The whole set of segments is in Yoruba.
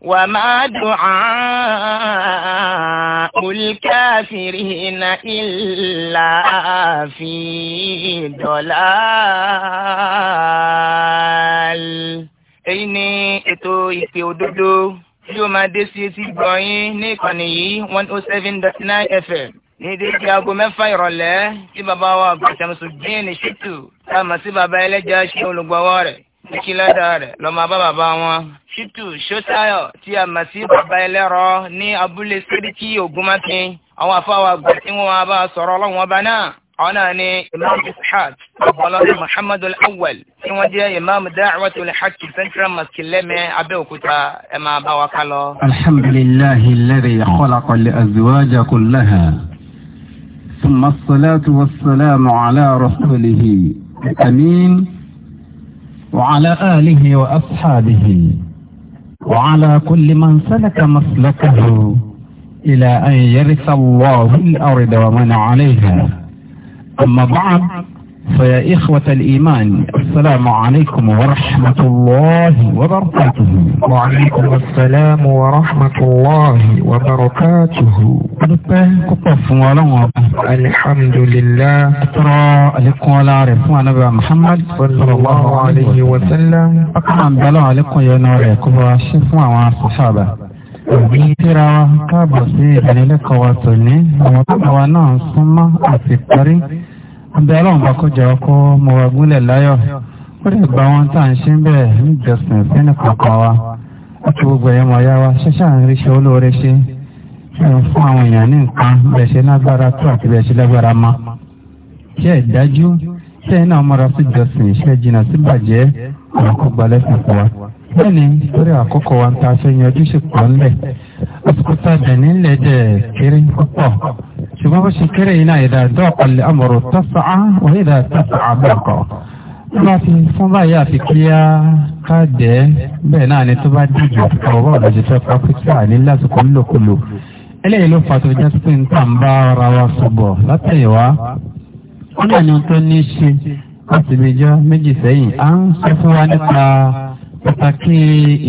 وما دعاء الكافرين إلا في ضلال èyí ni ètò ìpè òdodo tí ó máa dé sí etí gbọ̀nyìn ní ìkànnì yìí one oh seven dot nine fm ní déédéé aago mẹ́fà ìrọ̀lẹ́ tí bàbá wa àgbà Ṣàmsùdíìnì Ṣítù tá a mọ̀ sí bàbá ẹlẹ́jà ṣe olùgbọ́wọ́ rẹ̀ ìkìlọ́dọ̀ rẹ̀ lọ́mọ bá bàbá wọn. ṣítù ṣọ́sáyọ̀ tí a mọ̀ sí bàbá ẹlẹ́rọ ní abúlé sẹ́ríkì ògúnmákin àwọn afáwà àgbà tí wọ́n wá bá sọ̀rọ̀ ọlọ́run ọba náà. àwọn ni imam ishaq ọ̀pọ̀lọ́dẹ muhammad al-awwal tí wọ́n jẹ́ imam da'wat al-haq central mosque lẹ́mẹ̀ abẹ́òkúta ẹ̀ máa bá wa ká lọ. alhamdulillahi alladhi khalaqa al-azwaja kullaha thumma ala rasulihi amin. وعلى آله وأصحابه وعلى كل من سلك مسلكه إلى أن يرث الله الأرض ومن عليها أما بعد فيا إخوة الإيمان السلام عليكم ورحمة الله وبركاته وعليكم السلام ورحمة الله وبركاته الحمد لله ترى لكم ولا عرفوا نبي محمد صلى الله عليه وسلم أقام بلا لكم يا نوريكم وشفوا وصحابة òbí síra wa káàbọ̀ sí ìdánilẹ́kọ̀ọ́ wa tòní àwọn ọbẹ̀ ọlọ́run bá kọjá ọkọ mo wà gúnlẹ̀ láyọ̀ ó lè gba wọn tá à ń ṣe ń bẹ̀ níjọsìn fẹ́ni kankan wa ó ti gbogbo ẹ̀yẹ́ mọ̀ ya wa ṣẹ́ṣà ń rí ṣe olóore ṣe ẹ̀rùn fún àwọn èèyàn ní nǹkan bẹ̀ ṣe lágbára tó àti bẹ̀ ṣe lágbára ma ṣe é dájú ṣe é náà sí jọsìn ṣe jìnnà sí bàjẹ́ àwọn kò gbalẹ̀ fún wa bẹ́ẹ̀ni lórí àkókò wa ń ta ṣe yanjú ṣe pọ̀ ńlẹ̀ àsìkò tá ṣùgbọ́n bó ṣe kéré iná ìdá dọ́ọ̀kọ̀lẹ̀ amọ̀rọ̀ tọ́sàá wọ́n ìdá tọ́sàá bẹ́ẹ̀kọ́ tó bá ti fún báyìí àfi kí á ká jẹ́ bẹ́ẹ̀ náà ni tó bá dìbò ọ̀rọ̀ bọ́ọ̀ lọ́jọ́ fẹ́ pa pípẹ́ àní lásìkò ńlòkulò eléyìí ló fà tó jẹ́ pé ń tà ń bá ara wa sọ̀bọ̀ látẹ̀yìnwá wọ́n náà ni wọ́n tó ní ṣe láti bíjọ́ méjì sẹ́yìn à ń sọ fún wa nípa pàtàkì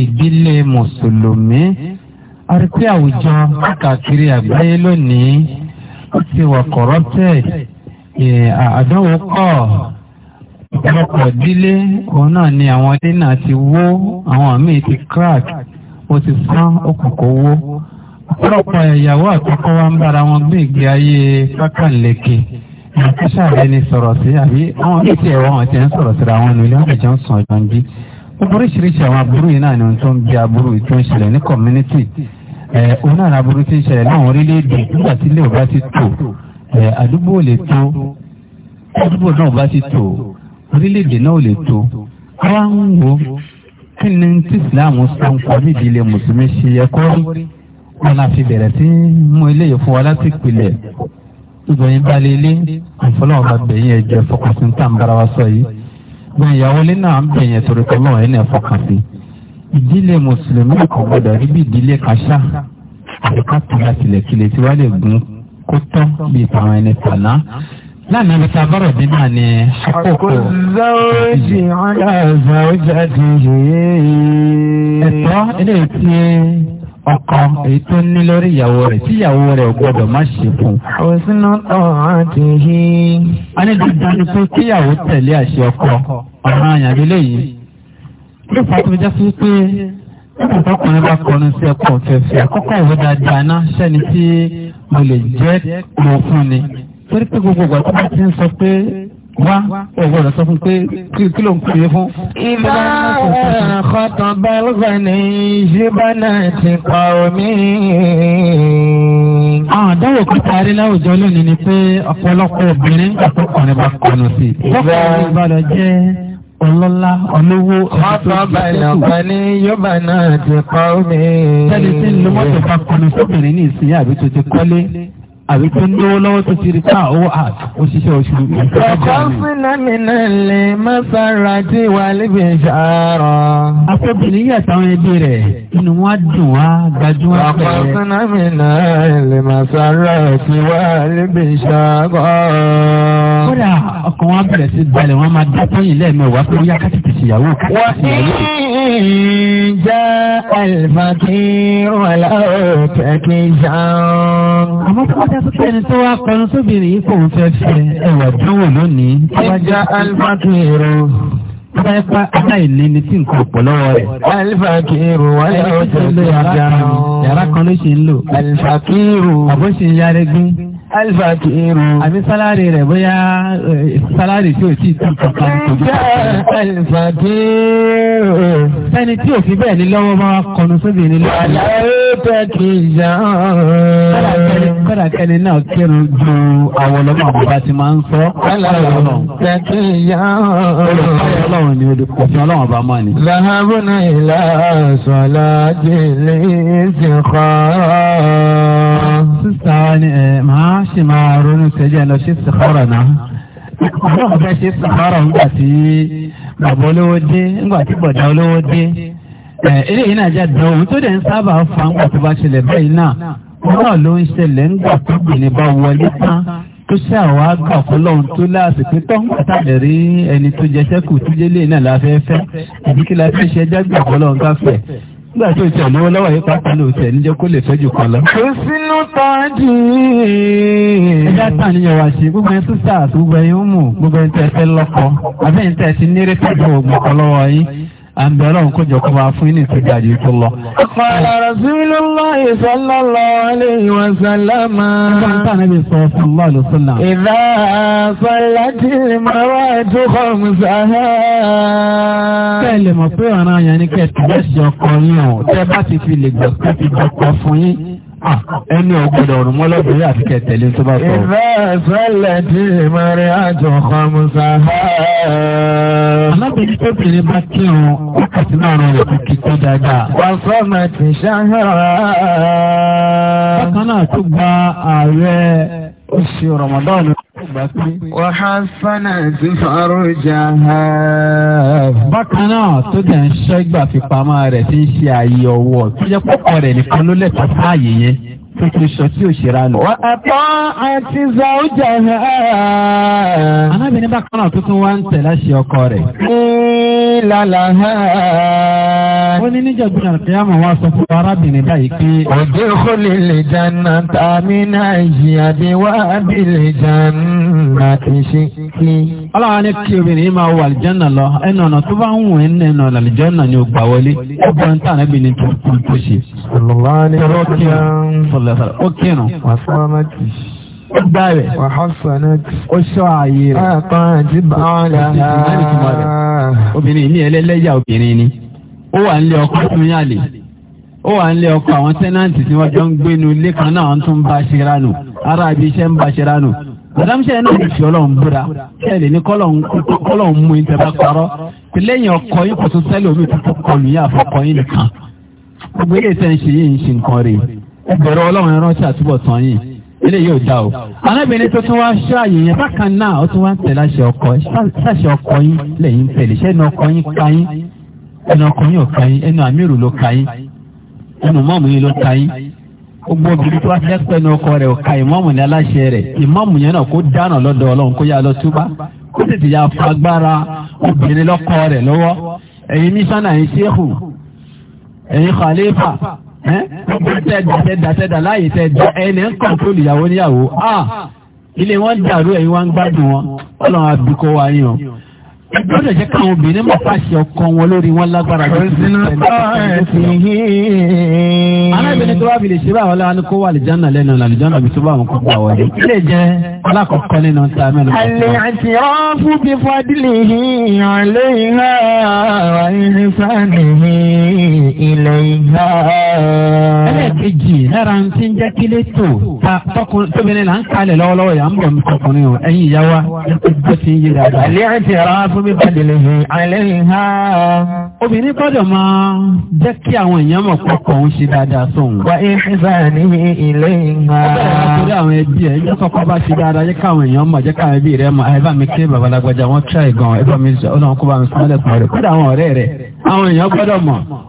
ìdílé mùsùlùmí àti pé àwùjọ káàkiri àgbáyé lónìí ó ti wà corrupted àdánwò kọ́ ọ̀pọ̀lọpọ̀ dílé òun náà ni àwọn ilé náà ti wó àwọn míì ti crack ó ti sán òkùnkùn wó ọ̀pọ̀lọpọ̀ ìyàwó àkọ́kọ́ wa ń bára wọn gbé ìgbé ayé pákàlẹ́kẹ̀ àkàṣà rẹ̀ ni sọ̀rọ̀ sí àbí àwọn ilé tí ẹ̀wọ̀n ti ń sọ̀rọ̀ síra wọn nílé wọn jẹun sàn ọ̀jọ̀ ń bí oríṣiríṣi àwọn aburú yìí náà ni ohun tó ń bí aburú yìí tó ń ṣẹlẹ̀ ní community òun náà aburú ti ń ṣẹlẹ̀ láwọn orílẹ̀-èdè nígbà tí ilé ọba ti tò àdúgbò ò lè tó àdúgbò náà ọba ti tò orílẹ̀-èdè náà ò lè tó wá ń wo kí ni tí Islam sọ ń kọ níbi ilé mùsùlùmí ṣe yẹ kọ́ wọn náà bẹ̀rẹ̀ sí mú ilé fún wa láti pilẹ̀ ìgbọ̀nyìn balẹ̀ àfọlọ́wọ́n bá bẹ̀yìn ẹ̀jẹ̀ fọkànsí ń tàn bára wa sọ yìí gbọ̀nyìn ìyàwó ilé náà ń bẹ̀yìn ẹ̀tọ́rọ̀tọ́ ẹ̀ náà fọkànsí ìdílé mùsùlùmí kò gbọdọ̀ rí bí ìdílé kàṣá àti kápẹ́lá tìlẹ̀kìlẹ̀ tí wàá lè gún kó tọ́ bí tàwọn ẹni tàná. lánàá bí sábàrọ̀ dín náà ni àkókò ìdílé. èyí tó ní lórí ìyàwó rẹ̀ tí ìyàwó rẹ̀ ò gbọ́dọ̀ má ṣe fún. àwòsínú ọ̀hún ti a ní dandan ni pé kíyàwó tẹ̀lé àṣẹ ọkọ ọ̀ràn àyàn lélẹ́yìí ló fà tó jẹ́ sí pé ọkùnrin bá kọrin sí ẹ̀kọ́ ọ̀fẹ́fẹ́ àkọ́kọ́ ìwé dáadáa náà sẹ́ni tí mo lè jẹ́ mo fún ni torí pé gbogbo ìgbà tó bá ti ń sọ pé wá ọ̀gbọ́n rẹ̀ sọ fún pé kí ló ń pè é fún. ìbá ọ̀kọ̀tàn bẹ́lúgbà ní ṣíbánà ti pa omi. àwọn àdáwò kan parí láwùjọ lónìí ni pé ọ̀pọ̀lọpọ̀ obìnrin àtọkùnrin bá kọnu sí ìbá ọ̀kọ̀tàn bá ọlọ́lá ọlọ́wọ́ ọ̀fọ̀bàlọ̀bàní yọba náà ti kọ́ mi. jáde tí ń lo mọ́tò bá kọlu sóbìnrin ní ìsinyìí àbí tó ti kọ́lé àbí tó ń lówó lọ́wọ́ tó ti rí ká owó àt òṣìṣẹ́ oṣù nǹkan tó jẹ́ àmì. ọkọ fúnnamínà lè má sára tí wà níbi ìṣàárọ̀. akóbìnrin yà táwọn ẹbí rẹ̀ inú wọn dùn wá gbajúmọ̀ rẹ̀. ọkọ fúnnamínà lè má sára tí wà níbi ìṣàárọ̀ kódà ọkàn wa bẹ̀rẹ̀ sí balẹ̀ wọn máa dá tọ́yìn lẹ́ẹ̀mẹ́wàá pé wọ́n kásìkì ṣìyàwó kásìkì ṣìyàwó. wọ́n ń já alifakiru aláwọ̀ kẹ̀kẹ́ ṣáán. àmọ́ tó wọ́n dẹ́kun sẹ́ni tó wá kọnu sóbìnrin pẹ́pẹ́ aláìní ni tí nǹkan pọ̀ lọ́wọ́ rẹ̀. alifakiru wáyé ọjọ́ ìlú yàrá kan ló ṣe ń lò. alifakiru àbó ṣe ń yára gbé alifati irun. àbí sálárì rẹ̀ bóyá sálárì tí ò tí tún kankan kojú. alifati irun. sẹ́ni tí ò fi bẹ́ẹ̀ ní lọ́wọ́ bá wa kọnu sóbì ní lọ́wọ́. aláwọ̀ tẹ kì í jàn. kọ́dà kẹ́ni náà kírun ju àwọlọ́mọ àbúrò ti máa ń sọ. aláwọ̀ tẹ kì í jàn. ọlọ́run ni òfin ọlọ́run bá mọ́ ni. zahabuna ilà sọlá jìnlẹ̀ ìsìnkọ́. sísá ni ẹ̀ máa a sì máa ronú sẹ́jẹ́ lọ sí sàkárà náà àwọn ọ̀fẹ́ sí sàkárà ńgbà tí bàbá olówó dé ńgbà tí bọ̀dá olówó dé ilé yìí náà jáde ohun tó dẹ̀ ń sábà fa ńgbà tó bá ṣẹlẹ̀ báyìí náà náà ló ń ṣẹlẹ̀ ńgbà tó gbìnrín bá wọlé tán tó ṣe àwọn àgbà fọlọ́run tó láàṣì pé tó ń pàtàkì rí ẹni tó jẹ tó jẹ́ lé náà láfẹ́fẹ́ àbíkí la fi ṣe jágbà fọlọ́run káfẹ́ Nígbà tí o tẹ̀ lọ́wọ́ lọ́wọ́ yìí pàápàá ní òtẹ̀ níjẹ́ kó lè fẹ́jù kan lọ. Kò sínú tọ́jú. Ẹja tàn níyàn wá sí gbogbo ẹni sísá àti gbogbo ẹni ó mú gbogbo ẹni tẹ̀ fẹ́ lọ́kọ. Àbẹ́yìn tẹ̀ ti ní rétẹ́jú ògùn kan lọ́wọ́ yín àbẹ̀rọ̀n kó jọ kó máa fún ní ìtọ́jú àjò tó lọ. Qala Rasulullahi sallallahu alayhi wa sallam. ni níbi sọ sallallahu alayhi wa sallam. Idha sallati al-mar'atu khamsaha. Bẹ́ẹ̀ lè mọ̀ pé ọ̀ràn àyàn ní kẹ́ẹ̀tì bẹ́ẹ̀ ṣe ọkọ yín o, tẹ́ bá ti fi lè gbọ̀ pé ti dọ̀kọ̀ fún yín. Ẹni ọ̀gbọ̀dọ̀ ọ̀rùn mọ́lọ́bìnrin àti kẹtẹ̀lé alábẹ̀ni tóbìnrin bá kírun wákàtí náà rẹ̀ kò kí tó dáadáa. wà fọ́ọ̀mù ti ṣáhàrá. bákan náà tó gba ààrẹ oṣù rọmọdọ́ọ̀nù. Wàhásánà ti farujaha. Bákan náà tó dẹ̀ ń ṣẹ́gbà fipamọ́ rẹ̀ ti ń ṣe Fẹ́tìrìṣọ́ tí ò ṣe ránù. Wà á tọ́ àti Zawújà náà. Anábìnrin bákan náà tuntun wá ń tẹ̀lé ṣe ọkọ rẹ̀. Ní lálàá ọjọ́ ìgbìyànjú wa sọ fún arábìnrin báyìí pé. òde kólé lè jana tàbí náà àdéhùn àbí lè jana ìṣe kí. ọlọ́run ní kí obìnrin yìí máa wọ àlìjánà lọ ẹnu ọ̀nà tó bá ń wù ẹ́ nínú àlìjánà ni ó gbà wọlé ó gbọ́ ní tàn ẹ́bìnrin tó kú tó ṣe. ó kírun. ó gbá rẹ̀. ó ṣọ́ ààyè rẹ̀. obìnrin mi ẹlẹ́lẹ́yà obìnrin ni ó wà nílé ọkọ fún yàlè ó wà nílé ọkọ àwọn tẹ́nàntì tí wọ́n jọ ń gbénu ilé kan náà ń tún bá ṣe ránù ara àbí iṣẹ́ ń bá ṣe ránù àdámṣẹ́ náà lè fi ọlọ́run búra ṣẹlẹ̀ ní kọ́lọ́run mú ìtẹ́ bá parọ́ tí lẹ́yìn ọkọ yín kò tún sẹ́lẹ̀ omi tó kọlù yá àfọkọ yín nìkan gbogbo ilé tẹ́ ń ṣe yìí ń ṣe nǹkan rè ẹgbẹ̀rún ọlọ́run ránṣẹ́ àtúbọ̀ tán yìí ilé yóò dá o arábìnrin tó tún wá ṣáàyè yẹn bákan náà ó tún wá ń tẹ̀ láṣẹ ọkọ yín lẹ́yìn tẹ̀lé ṣẹ́ni ọkọ yín ká yín ẹnu ọkùnrin ò kàyín ẹnu àmírù ló kàyín ẹnu mọ́ọ̀mù yìí ló kàyín gbogbo obìnrin tó wá fẹ́ pẹ́nu ọkọ rẹ̀ ò ka ìmọ̀ọ̀mù ní aláṣẹ rẹ̀ ìmọ̀ọ̀mù yẹn náà kó dáná lọ́dọ̀ ọlọ́run kó yá lọ túbá kó tètè yá fagbára obìnrin lọ́kọ rẹ̀ lọ́wọ́ ẹ̀yin mísánà ẹ̀yin ṣéhù ẹ̀yin khalifa tẹ́dàtẹ́dà láàyè tẹ́dà ẹni ń kọ̀ǹtólù ìyàwó níyàwó ah! ilé wọn dàrú ẹ̀yin wọn ń gbádùn ó lè jẹ́ káwọn obìnrin máa pàṣẹ ọkọ wọn lórí wọn lágbára alábìnrin tó bá fi lè ṣe báwọn láwọn kó wà lìjánà lẹ́nu làlìjánà bí tó bá wọn kó gbà wọlé ilé jẹ́ alákọ̀ọ́kọ́ nínú tí a àlè àti rọ́ọ̀fù bí fadìlì hìyàn lẹ́yìn náà wà ní sáà ilẹ̀ ìgbà kejì ẹ̀rà ń ti ń jẹ́ kílé tó tóbìnrin là ń kalẹ̀ lọ́wọ́lọ́wọ́ yà ń bọ̀ mí tọkùnrin o ẹ̀yin ìyá wa ẹ̀kọ́ ti ń yé dáadáa. àlẹ́ ẹ̀tì ara fún mi bá délé yìí àlẹ́ yìí há. obìnrin gbọ́dọ̀ máa jẹ́ kí àwọn èèyàn mọ̀ pọ̀pọ̀ ń ṣe dáadáa sóhun. wà á ṣe báyà ní ilé yìí há. ọ̀bẹ̀rẹ̀ àwọn ẹbí ẹ̀ jẹ́ kọ́kọ́ bá ṣe dáadáa jẹ́ káwọn èèyàn mọ̀ jẹ́ káwọn ẹbí rẹ̀ mọ̀.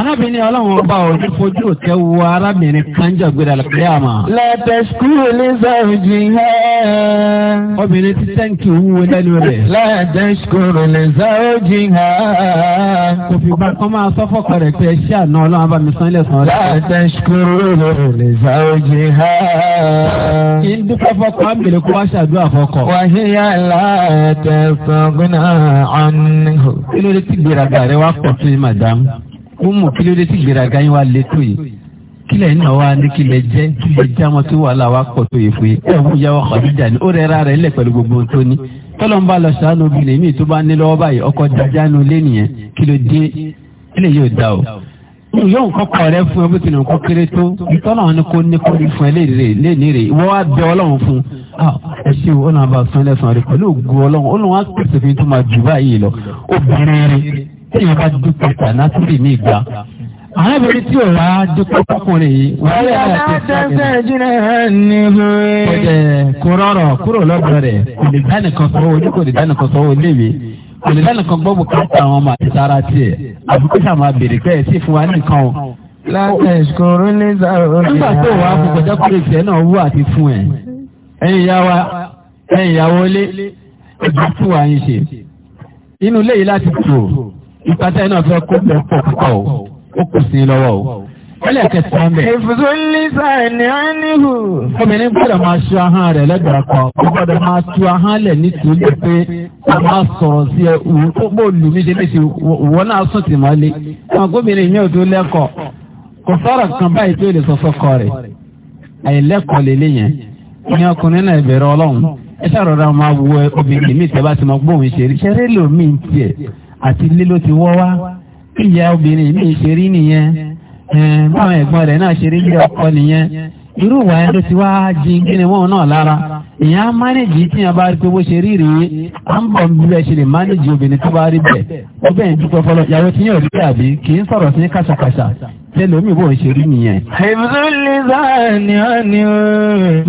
arábìnrin ọlọ́run ọba ò ní fojú òtẹ́ wo arábìnrin kanjọ gbéra lọ́pẹ́ àmọ́. lẹ́tẹ̀ skúlù ní sọ́ọ̀jì hàn. obìnrin ti tẹ́ǹkì wúwo lẹ́nu rẹ̀. lẹ́tẹ̀ skúlù ní sọ́ọ̀jì hàn. kò fi gbà kán máa sọ fọ́kọ rẹ̀ pé ẹṣẹ́ àná ọlọ́run bá mi san ilé san rẹ̀. lẹ́tẹ̀ skúlù ní sọ́ọ̀jì hàn. kì í dúpẹ́ fọ́kọ àmìlẹ̀ kó wá ṣàdúrà fọ́kọ. wàhíyá lẹ́tẹ̀ sọ̀gbìn umu kí ló dé tí gbèrágá yín wá lé tó yìí kílẹ̀ náà wá ní kílẹ̀ jẹ́ kílẹ̀ jámọ́ tí wàhálà wá pọ̀ tó yẹ fún yìí ẹ̀ wọ́n yàwó Khadija ni ó rẹ̀ ra rẹ̀ lẹ̀ pẹ̀lú gbogbo tó ní tọ́lọ́n bá lọ sànù obìnrin mi tó bá ní lọ́wọ́ báyìí ọkọ̀ dájánu lé nìyẹn kí ló dé kílẹ̀ yóò da o. yóò nǹkan kọ̀ rẹ fún ẹ bó tilẹ̀ nǹkan kéré tó tọ́lọ́n ni kò ní kó ní fún ẹ léèrè téèyàn bá dúpẹ́ tànásírì ní ìgbà àwọn obìnrin tí ò wá dúpẹ́ fọkùnrin yìí wọ́n lè yára tó ṣàkóso. ọ̀dẹ̀ kò rọrọ̀ kúrò lọ́dọ̀ rẹ̀ kò lè dá nìkan sọ́wọ́ ojú kò lè dá nìkan sọ́wọ́ léwe kò lè dá nìkan gbọ́ bùkátà àwọn ọmọ àti tiẹ̀ àbúkú sàmà bèrè pé ẹ̀ sì fún wa nìkan o. láti ìṣòro ní sàrò. nígbà tó ìpàtẹ́ náà fẹ́ kó bẹ̀ pọ̀ púpọ̀ o ó kù sí lọ́wọ́ o. Ẹlẹ́ kẹta ń bẹ̀. Ìfúsù lísà ní Obìnrin gbọ́dọ̀ máa ṣu ahọ́n rẹ̀ lẹ́gbẹ̀rẹ̀ kan. Ó gbọ́dọ̀ máa tu ahọ́n lẹ̀ nítorí pé a máa sọ̀rọ̀ sí ẹ òun tó bó lù mí ṣe léṣe òwò náà sùn tì mọ́lé. Àwọn gómìnà mi ò tó lẹ́kọ̀ọ́. Kò sọ̀rọ̀ kan báyìí tó lè sọ àti ilé ló ti wọ́ wá kí ìyá obìnrin mi ṣe rí nìyẹn eh, báwọn ẹ̀gbọ́n rẹ̀ náà ṣe rí bí ọkọ nìyẹn irú ìwà ẹ̀ ló ti wá jí kíni wọn náà lára ìyẹn á mánéjì tí yẹn bá rí pé bó ṣe rí rèé à ń bọ̀ bí bẹ́ẹ̀ ṣe lè mánéjì obìnrin tó bá rí bẹ́ẹ̀ ó bẹ́ẹ̀ dúpẹ́ fọlọ́ ìyàwó tí yẹn rí àbí kì í sọ̀rọ̀ sí kàṣàkàṣà tẹlomi bò ń ṣe rí nìyẹn. ìbùsùlì sáàni ọ̀ni o.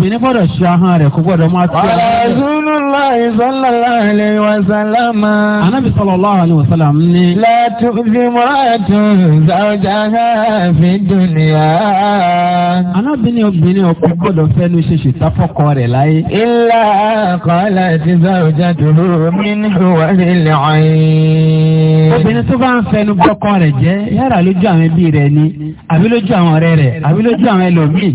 bìnní gbọ́dọ̀ ṣe ahọ́n rẹ̀ kó gbọ́dọ̀ máa tó. ọ̀rọ̀sùnúlá ìsọ̀lọ́lá àlẹ́ wàsálàmà. anábì sallallahu alaihi wasallam ní. látú fi mọ́tò sàwùjá fi dùnìyà. anábì ní obìnrin ọkọ gbọ́dọ̀ fẹ́nu ṣe ṣùtá fọ́kọ láyé. ilà kọ́lá ti sàwùjá dùrú mi ní ìwádìí lẹ́yìn. obìnrin tó bá ń fẹnu bọ́kọ rẹ̀ jẹ́ yàrá lójú àwọn ẹbí rẹ̀ ni àbí lójú àwọn ọ̀rẹ́ rẹ̀ àbí lójú àwọn ẹlòmíì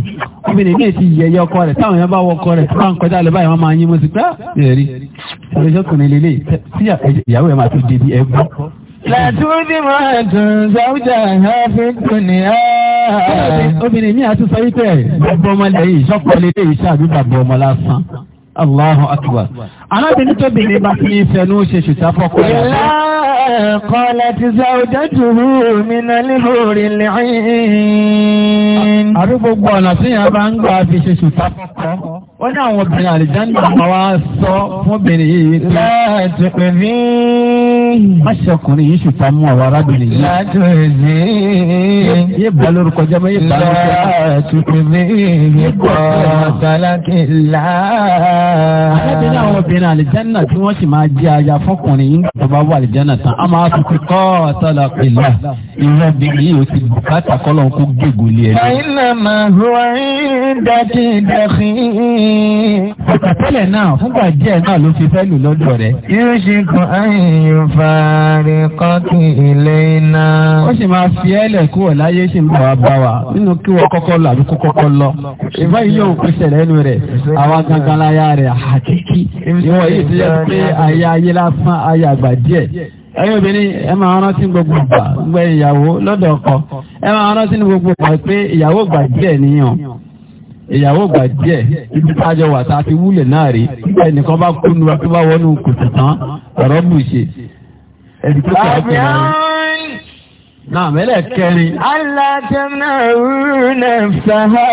obìnrin náà ti yẹyẹ ọkọ rẹ̀ táwọn èèyàn bá wọ ọkọ rẹ̀ tí wọ́n ń kọjá lọ báyìí wọ́n máa yín mo ti gbá ẹ̀rí ìrẹsẹ̀ ọkùnrin lélẹ̀ tí ìyàwó ẹ̀ máa tún débi ẹgbọ́. Làtúndì máa dùn sáwùjà ha Allahu akbar. Alábìnrin tóbi ní bá fi ń fẹnu ṣe ṣùtà fọ́kọ. Ìlà قالت زوجته من الهور العين Àrúgbò gbọ́ ọ̀nà tí yàn bá ń gbà fi ṣe ṣùtá fọ́kọ́. Ó ní àwọn obìnrin àlìjánà ma wá sọ fún obìnrin yìí. Láti pèmí. Má ṣe ọkùnrin yìí ṣùtá mú àwọn arábìnrin yìí. Láti pèmí. Yé bá lórúkọ jẹ́ mọ́ yé bá lórúkọ. Láti pèmí. Yé bọ́ ọ̀sán lákìlá obìnrin àlìjánà tí wọ́n sì máa jẹ́ aya fọkùnrin yìí tó bá wà àlìjánà tán a máa fi kọ́ ọ̀tọ́lá pẹ̀lú ìwé obìnrin yìí ó ti bùkátà kọ́lọ̀ ń kó gègùn lé ẹni. àìlà máa wá dájú ìdàkí. ọ̀tọ̀tẹ̀lẹ̀ náà fúngbà díẹ̀ náà ló fi fẹ́ lù lọ́dọ̀ rẹ̀. yóò ṣe kọ àyìn fàárì kọ́kì ilé iná. ó sì máa fi ẹ́lẹ̀ kú ọ̀ láyé sì ń ìwọ̀n yìí ti yẹ pé ayé ayé lásán ayé àgbà díẹ̀ ẹ̀yin obìnrin ẹ máa rántí gbogbo ìgbà gbẹ ìyàwó lọ́dọ̀ ọkọ ẹ máa rántí gbogbo ìgbà pé ìyàwó gbà díẹ̀ nìyàn ìyàwó gbà díẹ̀ ibi tájọ wà tá a ti wúlẹ̀ náà rí nígbà ẹnìkan bá kú nu tó bá wọnú kòtò tán ọ̀rọ̀ bù ṣe ẹ̀dí tó kẹ́ náà. mẹ́lẹ̀ kẹrin. alájẹ́nà rúnẹ̀ sáà.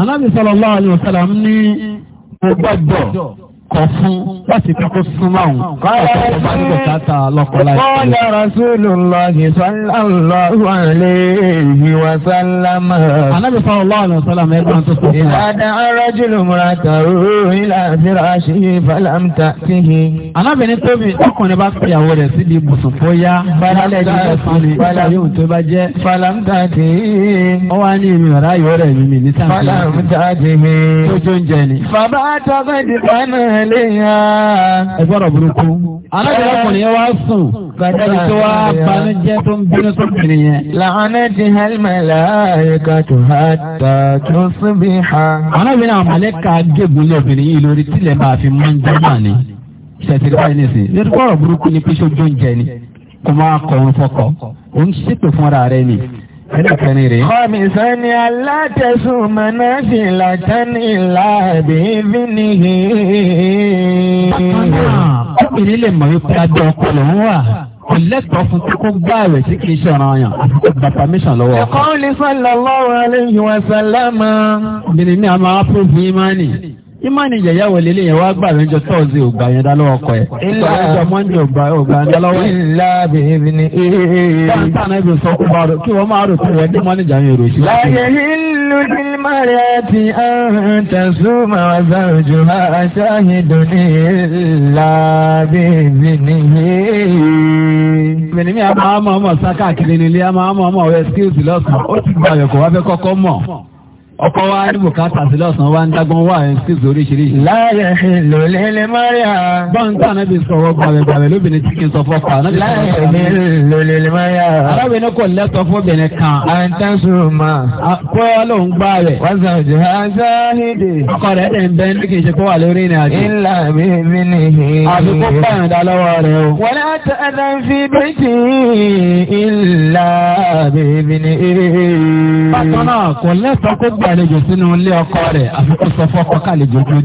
anábì sallallahu alaihi wasallam ní kò gbọ́dọ̀ kọ̀ fún láti kọ́kọ́ súnmọ́ òun ọ̀pọ̀ ọba nígbà tààtà lọ́kọ̀ọ́lá ìpínlẹ̀. Qala Rasulullahi sallallahu alayhi wa sallam. Ànábì sallallahu alayhi wa sallam ẹgbẹ́ tó sọ fún wa. Ìbàdà arajulu muratahu ila firashihi falam ta'tihi. Ànábì ní tóbi ọkùnrin bá pè àwọ̀ rẹ̀ síbi ibùsùn tó yá. Bálálẹ̀ ní ẹ̀sán Ó wá ní ìmì ọ̀rá ìwọ́rẹ̀ mi ní sáà. Falam ta'tihi. Tó إليها ẹgbọ́rọ̀ burúkú alájọ́lọ́kùnrin yẹn wá sùn ẹni tó wá banújẹ́ tó ń bínú tó bìnrin yẹn. làánẹ́ ti hẹ́lmẹ̀lá ẹ̀ka tó há tà tó síbi ha. alábìnrin àwọn mọ̀lẹ́ka gégùn lé obìnrin yìí lórí tílẹ̀ máa fi mú oúnjẹ náà ni ṣètìlẹ́ báyìí nìsín lórí bọ́rọ̀ burúkú ni pé ṣojú oúnjẹ ni kò máa kọ̀ ọ́n fọkọ̀ òun ṣépè fúnra rẹ̀ ni ẹlẹ́kẹ̀rin rèé. kọ́mísọ́ ni alátẹ̀sùn mọ̀nàfì làtẹ́ni láàbí fínihì. ọkùnrin lè mọ̀ wípé adé ọpọlọ ń wà kò lẹ́tọ̀ọ́ fún kókó gbá rẹ̀ tí kì í ṣe ọ̀ràn àyàn àti kó gba permission lọ́wọ́. ẹ̀kọ́ ní sallallahu alayhi wa sallam. obìnrin ní a máa fún fún imáni ìmánì yẹ̀yẹ́ wò lélẹ̀ yẹn wá gbà mí ògbà yẹn dá lọ́wọ́ kọ ẹ̀. ìlà àjọ ògbà ògbà yẹn dá lọ́wọ́ ẹ̀. ìlà bèbí ni. báńtà náà ibi sọ kúbà rẹ kí wọ́n máa rò pé ẹni mọ́ni jà ń yòrò sí. láyé ìlú ìmọ̀rẹ́ ti àtàsùmọ̀ àzàjù àṣàyẹ̀dò ní ìlà bèbí ni. bẹ̀ni mi àmọ́ àmọ́ ọmọ sákàkiri nílé àmọ́ àmọ́ ọmọ ọkọ wa ní bùkátà sí lọ́sàn-án wa ń dágbọ́n wà ẹ̀ sí oríṣiríṣi. láyé lòlẹ́ lè mọ́ríà. bọ́ǹtà náà bí sọ wọ́n gbàgbẹ́gbàgbẹ́ lóbìnrin tí kì í sọ fọ́ pa. láyé lòlẹ́ lè mọ́ríà. arábìnrin kò lẹ́tọ̀ fóbìnrin kan. à ń tán sùn mà. kó ló ń gbá rẹ̀. wọ́n sọ jù á sáhídì. ọkọ rẹ̀ dẹ̀ ń bẹ ní kì í ṣe kó wà lórí ìrìn àjò gbàlejò sínú ilé ọkọ rẹ̀ àfikún sọ fọ́kọ kàlejò tó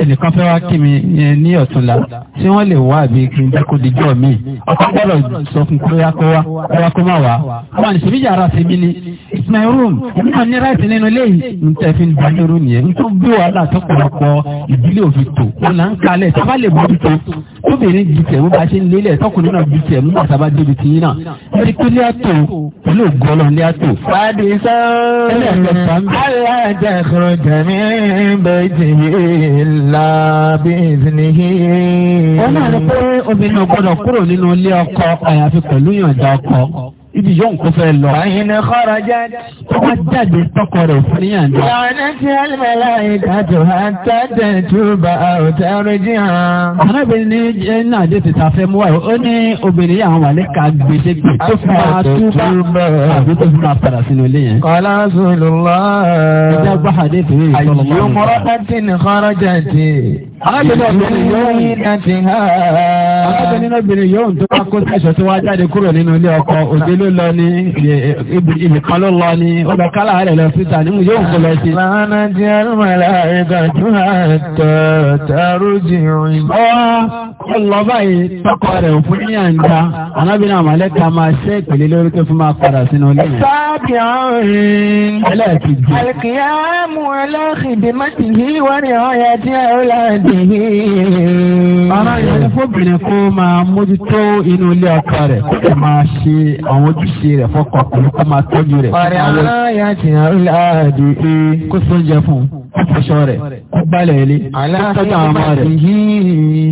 ẹnìkan fẹ́ wá kí mi yẹn ní ọ̀túnla tí wọ́n lè wá àbí kí n jẹ́ kó dijọ́ ọkọ gbọ́dọ̀ sọ fún kó kó wá kó kó má wá. wọn ní ṣèbí yàrá ṣèbí ni it's my room èmi náà ní ráìtì nínú ilé yìí n tẹ́ fi ba lóru nìyẹn n tó gbé wàhálà tó pọ̀lọpọ̀ ìdílé òfin tò ó ń kalẹ̀ tí a bá lè bójú tó kóbìnrin ju tẹ̀mú bá ṣe ń lélẹ̀ tọkùnrin náà ju tẹ̀mú bá sábà débi ti náà lórí pé ní àtò pẹ̀lú ògbọ́n ní àtò. fàdí sọ́ọ́ alájà jẹ̀mí bẹ́ẹ̀ jẹ́ lábẹ́ ìzìnìhí. ó náà ní pé obìnrin ò gbọ́dọ̀ kúrò nínú ilé ọkọ àyàfi pẹ̀lú ìyànjá ọkọ. ibi yóò kó fẹ́ lọ. àyìn kọ́ra jáde. wọ́n jáde tọkọ rẹ̀ fún yàn náà. ìyàwó ti àlùmọ́lá ìdájọ́ àtàtẹ̀ túbà òtẹ́rù jí hàn. arábìnrin ní ẹni náà dé ti ta fẹ́ mú wa ó ní obìnrin àwọn wàlẹ́ ká gbèsè gbè tó fi máa túbà àbí tó fi máa padà sínú ilé yẹn. kọ́lá sùlùmọ́. ìjà gbọ́ àdé tó yẹ ìtọ́lọ́mọ́. àyè yóò mọ́ra Ọlọ́bìnrin lóbìnrin yóò tó bá kó sẹ́ṣọ́ tí wọ́n jáde kúrò nínú ilé ọkọ, òde ló lọ ní ibìkan ló lọ ní ọlọ́ kálá rẹ̀ lọ síta nímú yóò kó lọ sí. Lánà tí a ló la ẹ̀ka tó àtọ̀ tàrú jì rìn. Ó lọ báyìí tọkọ rẹ̀ fún ní àǹdá, anábìnrin àmàlẹ́ka máa ṣẹ́ ìpèlè lórí tó fún máa padà sínú ilé yẹn. Sáàbì ọ̀rìn. Ẹlẹ́ẹ̀kejì. Àlùkìyàmù ẹlẹ́kìdìmọ́tì máa mójútó inú ilé ọkọ rẹ̀ kó lè máa ṣe àwọn ojúṣe rẹ̀ fọ́kàn pẹ̀lú kó máa tọ́jú rẹ̀. ọ̀rẹ́ aláya jìnnà ńlá àdì pé kó sóúnjẹ fún un kó fọṣọ rẹ̀ kó gbálẹ̀ ilé kó tọ́jú àwọn ọmọ rẹ̀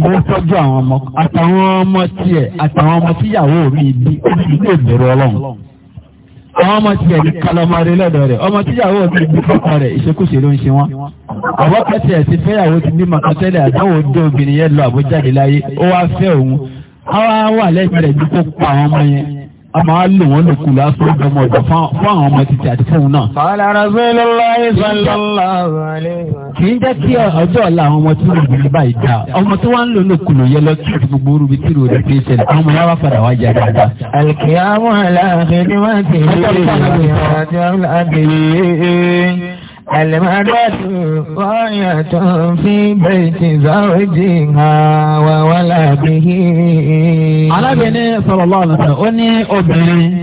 kó tọ́jú àwọn ọmọ àtàwọn ọmọ tiẹ̀ àtàwọn ọmọ tíyàwó mi bí ó ti gbé ìbẹ̀rù ọlọ́run àwọn ọmọ tiẹ̀ ní kalamari lọ́dọ̀ rẹ̀ ọmọ tíyàwó ti bí fọ́kọ rẹ̀ ìṣekúṣe ló ń ṣe wọ́n. àwọn kẹsì ẹ̀ ti fẹ́yàwó ti bímọ kan tẹ́lẹ̀ àdáwò dé obìnrin yẹn lọ àbújáde láyé ó wá fẹ́ òun. àwa wà lẹ́yìn rẹ̀ dípò pa àwọn ọmọ yẹn a máa lò wọ́n lòkù lásán ọmọ ọ̀dọ̀ fún àwọn ọmọ títí àti fóun náà. Qala Rasulullahi sallallahu alaihi wasallam. kì í jẹ́ kí ọjọ́ ọ̀la àwọn ọmọ tí wọ́n lò ní báyìí dá ọmọ tí wọ́n ń lò lòkù lò yẹ lọ sí gbogbo orúbi tí ròdì fi ṣẹlẹ̀ àwọn ọmọ yàrá padà wá jẹ dáadáa. Al-qiyamu ala khidmati المرأة صاية في بيت زوجها وولده. arábìnrin sọlọ́lá ọ̀nà ó ní obìnrin.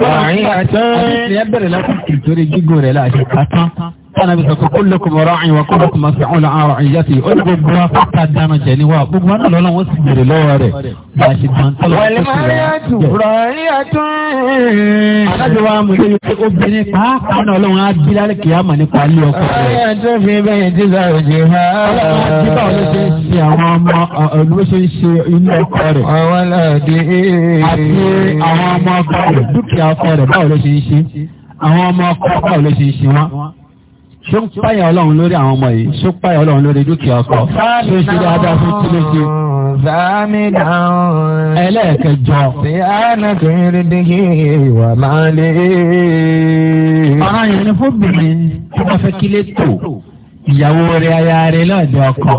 صاية. àti ìyẹn bẹ̀rẹ̀ láti ìtòrí gígùn rẹ̀ láti kàtán tana bi sọ̀kọ̀ kullukum ra'in wa kullukum mas'ulun 'an ra'iyatihi ó ní gbogbo wa fata dáná jẹ ni wa gbogbo náà lọ́la wọ́n sì bèrè lọ́wọ́ rẹ̀ bá a ṣe dán tọ́lọ́ tó ti rẹ̀. alájọ wa mú lórí pé obìnrin pàápàá náà lọ́wọ́ á bí lálẹ́ kìí àmọ́ nípa ilé ọkọ rẹ̀. ọlọ́run tó fi bẹ́ẹ̀ ti sọ òjì ha. ọlọ́run á bí báwo ló ṣe ń ṣe àwọn ọmọ ló ṣe ń ṣe ilé ọkọ rẹ̀. àwọn ọlọ́ọ̀dẹ. àti àwọn ọmọ ọkọ rẹ̀ dúkìá ọkọ rẹ̀ báwo ló ṣe ń ṣe àwọn ọmọ ọkọ báwo ló ṣe ń ṣe wọn ṣó ń páyà ọlọ́run lórí àwọn ọmọ yìí ṣó páyà lórí dúkìá ọkọ ṣó ń ṣe dáadáa fún tíléṣe. ẹlẹ́ẹ̀kẹjọ. a nà Ọ̀ràn yẹn ni fóbìnrin tí wọ́n fẹ́ kílé tò ìyàwó rẹ̀ aya rẹ̀ lọ́dọ̀ ọkọ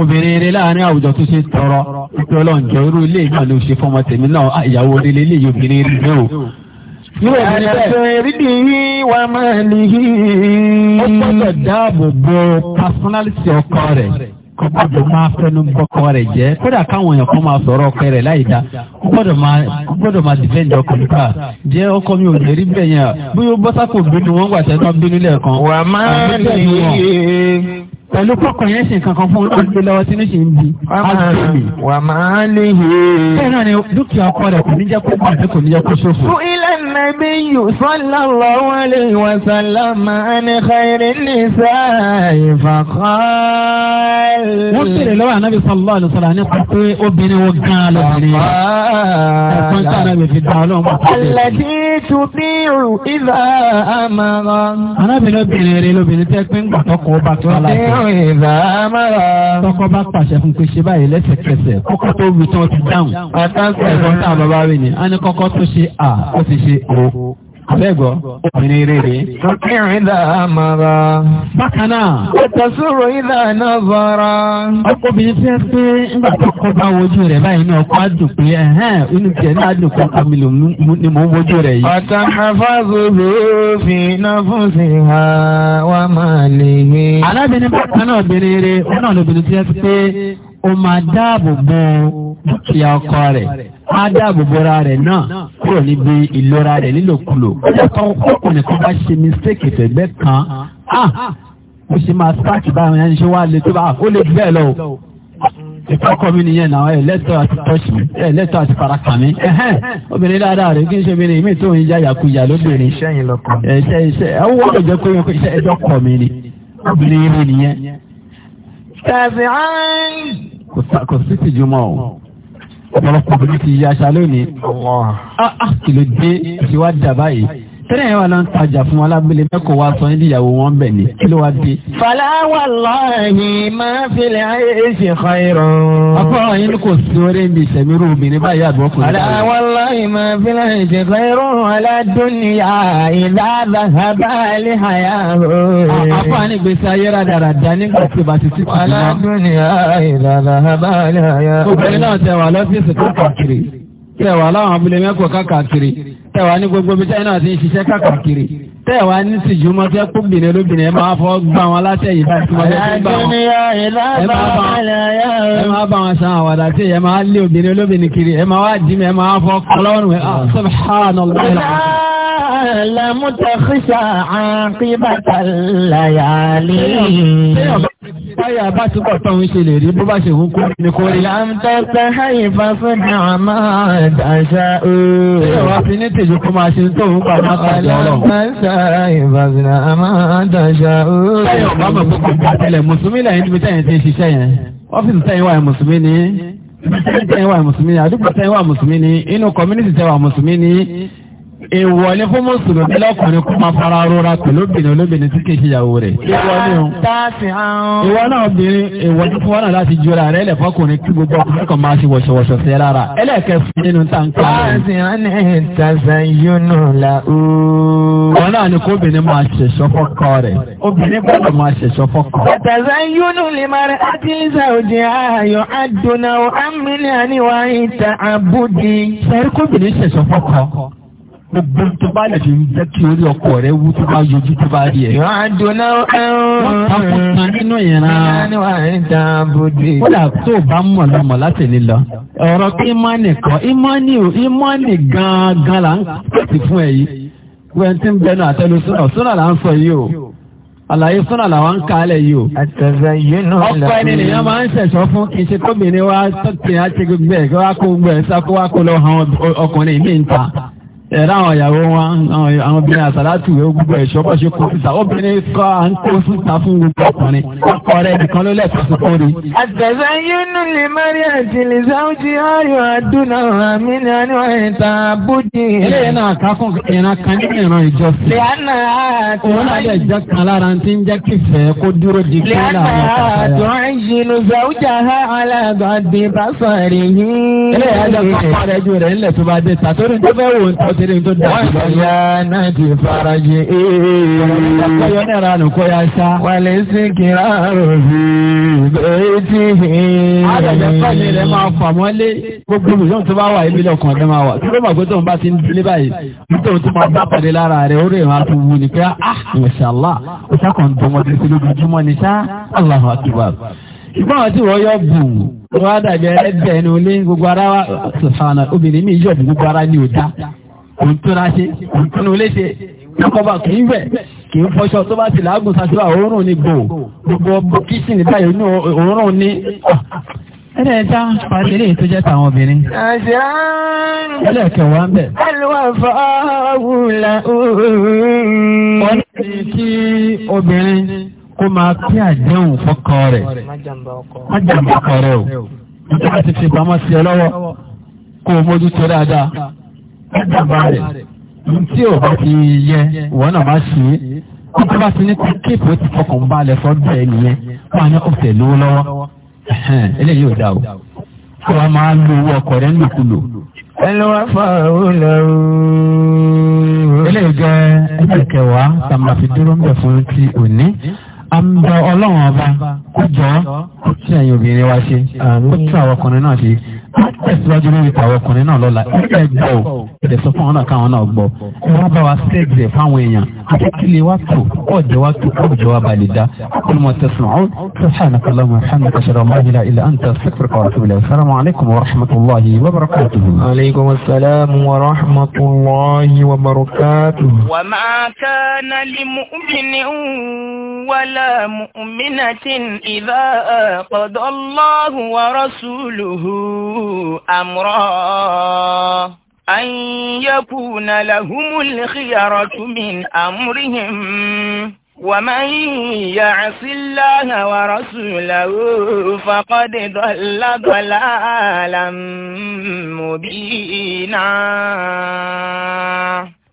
obìnrin rẹ láàrin àwùjọ tó ṣe tọrọ ìpè ọlọ́njọ́ irú ilé ìgbà fọmọ tèmi náà ìyàwó rẹ lélẹ́yìí obìnrin rẹ Yíwẹ̀ ní bẹ́ẹ̀. Rídì wà máa lè yí. Ó gbọ́dọ̀ dáàbò bo pásánálítì ọkọ rẹ̀. Kò gbọ́dọ̀ máa fẹnu bọ́kọ rẹ̀ jẹ́. Kódà káwọn èèyàn kan máa sọ̀rọ̀ ọkọ rẹ̀ láì dá. Ó gbọ́dọ̀ máa dìfẹ́ǹdì ọkọ nípa. Jẹ́ ọkọ mi ò lè rí bẹ́ẹ̀ yẹn. Bóyá bọ́sákò bínú wọn gbàtẹ́ tán bínú lẹ́ẹ̀kan. Wà máa pẹ̀lú kọ́kọ̀ yẹn ṣe kankan fún ọdún lọ́wọ́ tí ní ṣe ń bi. wà á máa lè he. bẹ́ẹ̀ náà ni dúkìá ọkọ rẹ̀ kò ní jẹ́ kó bàjẹ́ kò ní jẹ́ kó ṣòfò. fún ilé nàbí yìí sallallahu alaihi wa sallam ní khairin nisa ìfàkọ́l. wọ́n bèrè lọ́wọ́ ànábì sallallahu alaihi wasallam nípa pé obìnrin wo gan lóbìnrin. ẹ̀sán ń gbàtọ́kọ̀ ìgbà mọ́ra. Tọ́kọ bá pàṣẹ fún pé ṣe báyìí lẹ́sẹ̀kẹsẹ̀ kọ́kọ́ tó wí tán ti dáhùn. Àtàkùn ẹ̀gbọ́n tá a bàbá rẹ̀ ni. A ní kọ́kọ́ tó ṣe à ó ti ṣe o. Àbẹ́gbọ́, obìnrin rere. Tọ́kìrì ìdá mara. Bákan náà. Ẹ̀tẹ̀súrò ìdá náà bọ̀rọ̀. Ọkọ̀bìnrin fẹ́ pé nígbà tó kọ́ bá wojú rẹ̀ báyìí náà kọ́ àdùn pé ẹ̀hẹ́n inú tiẹ̀ náà dùn kọ́ kàmìlò ni mò ń wojú rẹ̀ yìí. Ọ̀tá àfáàzù lófin náà fún sí ha wá máa lè ní. Alábìnrin bákan obìnrin rere, ó náà lóbìnrin fẹ́ pé ó máa dáàbò bo dúkìá ọkọ rẹ̀ á dáàbò bora rẹ̀ náà kúrò níbi ìlora rẹ̀ nílòkulò. ọkùnrin kan bá ṣe mistake ìfẹ̀gbẹ́ kan ah, mo ṣe máa sáàkì báwọn ẹni ṣe wá lè tó bá ó lè bẹ́ẹ̀ lọ ìfọkọ mi nìyẹn náà ẹ lẹ́tọ̀ àti tọ́sí ẹ lẹ́tọ̀ àti faraka mi ẹhẹn obìnrin dáadáa rẹ kí n ṣe obìnrin mi tó ń ya yàkuyà lóbìnrin ẹṣẹ ẹṣẹ ẹwọ ọjọ́ pé ẹjọ́ kọ mi ni obìnrin mi nìyẹn tàbíán. kò sí tìjú mọ́ o ọ̀pọ̀lọpọ̀ obìnrin ti yí aṣa lónìí. Ah, ah, kí ló dé tí dà báyìí tẹ́lẹ̀ yẹn wà náà ń tajà fún alábẹ́lẹ́ mẹ́kọ̀ọ́ wa sọ nídìí ìyàwó wọn bẹ̀ ni kí ló wá dé. fàlà wàláhì máa fi lè ṣe xayirọ̀. ọkọ yín kò sí orí ibi ìṣẹ̀mírú obìnrin báyìí àgbọ̀ kò ní. fàlà wàláhì máa fi lè ṣe xayirọ̀ aládùnìyà ìdáàbà abáàlì àyà rò. àpá gbèsè ayé rádaràdà nígbà tí bàtí ti kùnà. aládùnìyà tẹ̀wá ní gbogbo bí china ti ń ṣiṣẹ́ káàkiri tẹ̀wá ní tìjú mọ́ fẹ́ kó bìnrin lóbìnrin ẹ máa fọ́ gbà wọn láṣẹ yìí báyìí tí wọ́n fẹ́ gbà wọn ẹ máa bá wọn san àwàdà tí ẹ máa lé obìnrin lóbìnrin kiri ẹ máa wá dì mí ẹ máa fọ́ kọlọ́rùn ẹ ah, subhanallah لم تخشى عاقبة الليالي báyà bá ti pọ̀ tán ń ṣe lè rí bó bá ṣe wúkú ní kó rí. láǹtọ́ pé háyì bá fún ní àmà àdáṣà ooo. ṣé wàá fi ní tèjú kó máa ṣe tó ń pa máa pàdé ọ̀rọ̀. láǹtọ́ háyì bá fún ní àmà àdáṣà ooo. sẹ́yìn ọ̀gá mọ̀ fún kòkó àtẹlẹ̀ mùsùlùmí lẹ́yìn níbi tẹ́yìn ti ṣiṣẹ́ yẹn. ọ́fíìsì tẹ́yìn wà mùsùlùmí ni. ibi tẹ́yìn wà mùsùlùmí ni àdúgbò tẹ́yìn wà mùsùlùmí ni inú kọ́mínítì tẹ́yìn wà mùsùlùmí ni ìwọlé fún mùsùlùmí lọ́kùnrin kó máa fara rora pẹ̀lú obìnrin olóbìnrin tí kì í ṣe ìyàwó rẹ̀. ìwọlé o ìwọ náà obìnrin ìwọlé fún wọn náà láti jura rẹ̀ ẹlẹ fọkùnrin kí gbogbo ọkùnrin kan máa ṣe wọṣọwọṣọ sí ẹ lára ẹlẹkẹ fún nínú tá n ká. wọn náà ni kó obìnrin máa ṣẹṣọ fọkọ rẹ̀ obìnrin gbọ́dọ̀ máa ṣẹṣọ fọkọ. tàtàzá yúnú lè máa rẹ àtìlísà òjì ààyò àdùnnà gbogbo tó bá lè fi jẹ́ kí orí ọkọ rẹ̀ wú tó bá yọjú tó bá rí ẹ̀. yọ àdùnnà ẹ̀rùn. wọ́n takùn tán nínú ìran. ìyáníwá ń ta bòde. kódà tó o bá mọ̀ lọ́mọ láti ní lọ. ọ̀rọ̀ pé ìmọ̀ọ́nì kan ìmọ̀ọ́nì ò ìmọ̀ọ́nì gan-an là ń pèsè fún ẹ yìí. wẹ́n tí ń bẹnu àtẹnu sọ́nà sọ́nà là ń sọ yìí o. àlàyé sọ́nà làwọn ń kalẹ̀ yìí o. ọkọ ẹni nìyẹn máa ń ṣẹ̀ṣọ́ fún kì í ṣe tóbi ni wá tó ti àti gbẹ ẹ̀rọ àwọn ìyàwó wọn àwọn obìnrin àsàlátù ìwé gbogbo ẹ̀ṣọ́ bọ́ ṣe kó síta obìnrin kọ́ à ń kó síta fún gbogbo ọkùnrin ọkọ rẹ nìkan ló lẹ́ẹ̀kan sí kó rí. àtẹ̀sẹ̀ yínú lè mẹ́rin àti lè sáwùjì ayọ̀ àdúnà àmì ní àníwá ìta bújì. eléyìí náà kákún ìran kan nínú ìran ìjọsìn. lẹ́ànà àti. òun náà lè jẹ́ kan lára tí ń jẹ́ kífẹ́ kó dúró di kí ìnù zàwùjà ha alágbàdì bá sọ̀rì yìí. ilé ìyájọ́ kan pàdé ju rẹ̀ ńlẹ̀ tó bá dé ta torí tó fẹ́ wò ó ti tó dà. wọ́n yà náà ti fara jẹ ee. ọ̀yọ́ náà ra nùkọ́ ya sá. wàlẹ̀ sí kìlá ròbì bẹ́ẹ̀tì. àdàjọ fẹ́mi rẹ̀ máa fà mọ́lé gbogbo ìlú tó bá wà ibi lọ́kàn rẹ̀ máa wà. tó ló mọ̀ pé tóun bá ti ń báyìí nítorí tó máa bá lára rẹ̀ ó rè wọn wù ní pé ah ìṣàlá ó ṣàkàn dùnmọ́ ṣùgbọ́n àwọn tí wọ́n yọ bù wọ́n á ẹgbẹ́ ẹni olé gbogbo ara wa sùfàànà obìnrin mi yọ̀ gbogbo ara ní òdá kò ń tó jẹ́ tàwọn obìnrin. ẹlẹ́kẹ̀wá ń bẹ̀. ẹlùwà fọ́ọ̀wù làwọn. wọ́n ní kí obìnrin kó máa pé àdéhùn fọ́kọ rẹ̀ májàmbá ọkọ rẹ̀ o nítorí wọ́n ti fi pamọ́ sí ẹ lọ́wọ́ kó o mójú tó dáadáa májàmbá rẹ̀ tí ò bá ti yẹ ìwọ́n náà má ṣe é wọ́n ti bá ti ní kíkèpó ti fọkàn balẹ̀ fọ́dọ̀ ẹ nìyẹn wọ́n á ní ọ̀sẹ̀ lówó lọ́wọ́ eléyìí ò dáa o kó o máa lo owó ọkọ rẹ̀ nílùkulò. ẹ lọ wá fà ó lẹ́rù. eléyìí jẹ́ ẹgbẹ̀kẹwàá tàmàfidúró ń bẹ̀ fún ti òní àmọ́ ọlọ́run ọba kó jọ kó tún ẹ̀yin obìnrin wa ṣe kó tún àwọn ọkùnrin náà ṣe. tẹ̀síwájú lórí ìtàwọ̀ ọkùnrin náà lọ́la ẹ gbọ́ ò ẹ̀dẹ̀ sọ fún àwọn náà káwọn náà gbọ́ ẹ wá bá wa ṣẹ́ẹ̀dì ẹ̀ fáwọn èèyàn àti kílé wa tó ọ̀jẹ̀ wa tó ọ̀jẹ̀ wa balẹ̀ dá ọkùnrin mọ̀ tẹ̀sán ọ̀hún sọ̀hánà kàlámù hàmì kàṣẹ́rọ̀ májìlá ilẹ̀ àǹtà sẹ́kìrìkọ̀ ولا مؤمنة إذا قضى الله ورسوله أمرا أن يكون لهم الخيرة من أمرهم ومن يعص الله ورسوله فقد ضل ضلالا مبينا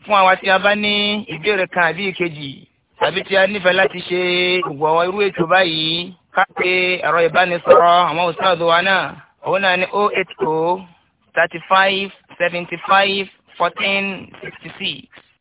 fún àwa tí a bá ní ìbéèrè kan àbí ìkejì àbí tí a nífẹ̀ẹ́ láti ṣe gbọ̀wọ́ irú ètò báyìí ká pé ẹ̀rọ ìbánisọ̀rọ̀ àwọn òṣèlú wa náà òun náà oh eight oh thirty five seventy five fourteen sixty six.